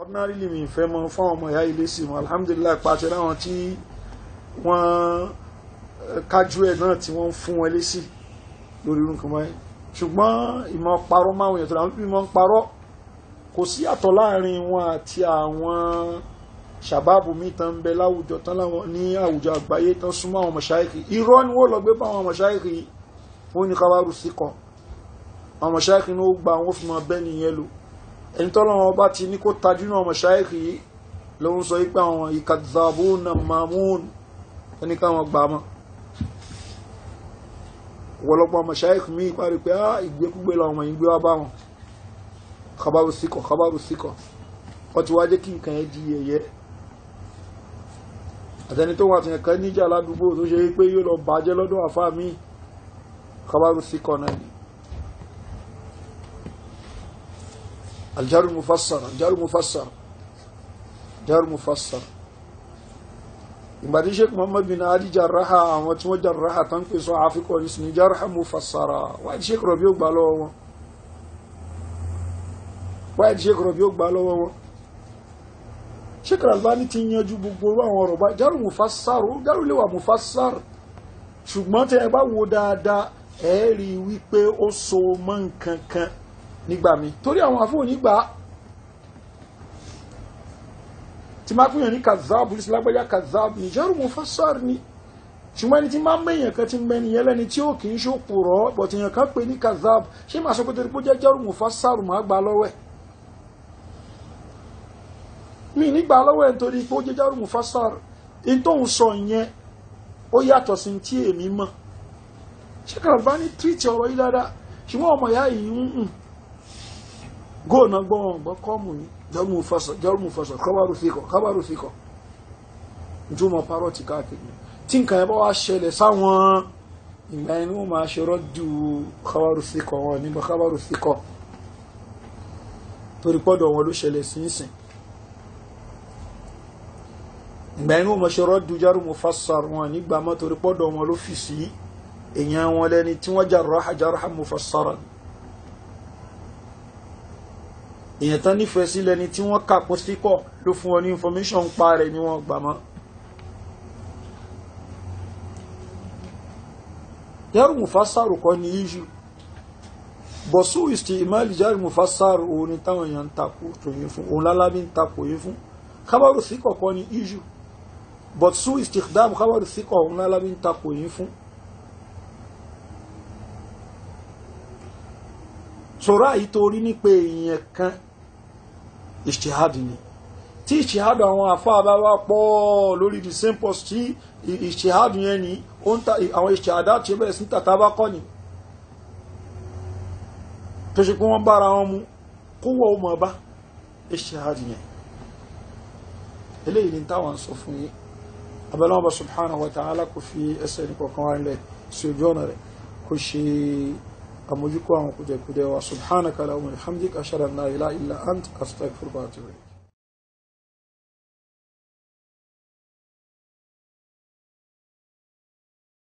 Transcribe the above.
ordinarily mi fẹ́ mọ fún ọmọ ìyá ilé sí wọn alhamdulillah pàṣẹ láwọn tí wọ́n eh, kájú ẹ̀ náà tí wọ́n fún wọn lé sí lórí irun kan báyìí ṣùgbọ́n ìmọ̀ parọ́ máwọn èèyàn tó dáa ìmọ̀ parọ́ kò sí àtọ̀ láàrin wọn àti àwọn ṣàbáàbù mi tán ń bẹ láwùjọ tán láwọn ní àwùjọ àgbáyé tán súnmọ́ àwọn mọ̀ṣáìkì irọ́ ni wọ́n lọ gbé bá àwọn mọ̀ṣáìkì wọ́n ní káwárù sí kan àwọn mọ̀ṣáìkì ni ó gba àwọn fún wọn bẹ́ẹ̀ nìyẹn lò ẹni tọ́lọ́wọ́n ọba ti ní kó tajú náà mọ̀ṣáìkì yìí ló ń sọ wípé àwọn ìkàzàbùnà mamun ẹni káwọn gbà mọ́ ọ̀pọ̀lọpọ̀ mọ̀ṣáìkì míì parí pé á ìgbékúgbé làwọn yìí gbé wá bá wọn kábàrú síkọ̀ kábàrú síkọ̀ wọ́n ti wá jẹ́ kí nǹkan ẹ̀ di yẹ̀yẹ́ àtẹni tó wà tìyàn kan níjà ládùúgbò tó ṣe wípé yóò lọ bàjẹ́ lọ́dún àfáà míì kábàrú síkọ̀ náà ni الجار المفسر الجار المفسر جار مفسر ìgbàdí sheikh muhammad bin ali jarraha àwọn tí wọ́n jarraha tán pè sọ àfikọ́ ní sinmi jarraha mufassara wáyé sheikh rọ̀bí ó gbà lọ́wọ́ wọn wáyé sheikh rọ̀bí ó gbà lọ́wọ́ wọn sheikh albani ti yanjú gbogbo àwọn ọ̀rọ̀ bá jaru mufassar ó jaru lè wà mufassar ṣùgbọ́n tẹ́ ẹ bá wo dáadáa ẹ̀ẹ́rì wípé ó so mọ́ nǹkan kan. kan nígbà mi torí àwọn àfóòní gbà á tí máa fúnyàn ní kazab ní sílágbájá kazab ní ìjárù mọ́ fásọ́rì ni ṣùgbọ́n ẹni tí máa mẹ́yàn kan ti mẹ́ni yẹn lẹ́ni tí ó kì í ṣòpùrọ́ bọ̀tìyàn kan pè ní kazab ṣé máa sọ pé torí pé ó jẹ́ járù mọ́ fásọ́rì máa gbà lọ́wọ́ ẹ̀ mi nígbà lọ́wọ́ ẹ̀ nítorí pé ó jẹ́ járù mọ́ fásọ́rì in tó ń sọ ìyẹn ó yàtọ̀ sí tí èmi mọ̀ ṣé kàlùbá ní tírìtì ọ̀rọ̀ yìí dáadáa ṣùgbọ́n ọmọ ìyá yìí ń góò náà gbọ́ wọn gbọ́ kọ́ọ̀mù yìí jọ́rùmù fọ́sọ̀ jọ́rùmù fọ́sọ̀ kọ́bárù fíkọ̀ kọ́bárù fíkọ̀ ìtumọ̀ parọ́ ti káàkiri tí nǹkan ẹ bá wá ṣẹlẹ̀ sáwọn ìgbà ẹni wọn máa ṣe rọ́dù kọ́bárù fíkọ̀ wọn nígbà kọ́bárù fíkọ̀ torí pọ́dọ̀ wọn ló ṣẹlẹ̀ sínsìn ìgbà ẹni wọn máa ṣe rọ́dù jọ́rùmù fọ́sọ̀ wọn nígbà èèyàn tán nífẹ̀ẹ́ sí lẹni tí wọ́n kà pọ̀ síkọ̀ ló fún wọn ní information ń pa rẹ̀ ni wọ́n gbà mọ́. yàrá mufassaru kọ́ ni yíṣu bọ̀sù ìsì ìmáàlì yàrá mufassaru òun ni táwọn èèyàn ń takò tó yín fún òun lálábí ń takò yín fún kábàrò síkọ̀ kọ́ ni yíṣu bọ̀sù istikhdam kábàrò síkọ̀ òun lálábí ń takò yín fún. sọ̀rọ̀ àyítorí ní pé èèyàn kan ìṣtihad ni tí ìṣtihad àwọn àfáà bá wá pọ̀ lórí the same post tí ìṣtihad yẹn ni àwọn ìṣtihad àti bẹ̀rẹ̀ sí tàtà bá kọ́ ni tó ṣe pé wọ́n bára wọn mu kúwọ́ ọmọ bá ìṣtihad yẹn eléyìí ni táwọn sọ fún yín abẹ́lẹ́ wọn bá subhanahu wa ta'ala kò fi ẹsẹ̀ ní kọ̀ọ̀kan wá nílẹ̀ sí ojú ọ̀nà rẹ̀ kò ṣe é amujuko kuja kudewa subhanaka allahumma hamdik ashhadu an la ilaha illa ant astaghfiruka wa atubu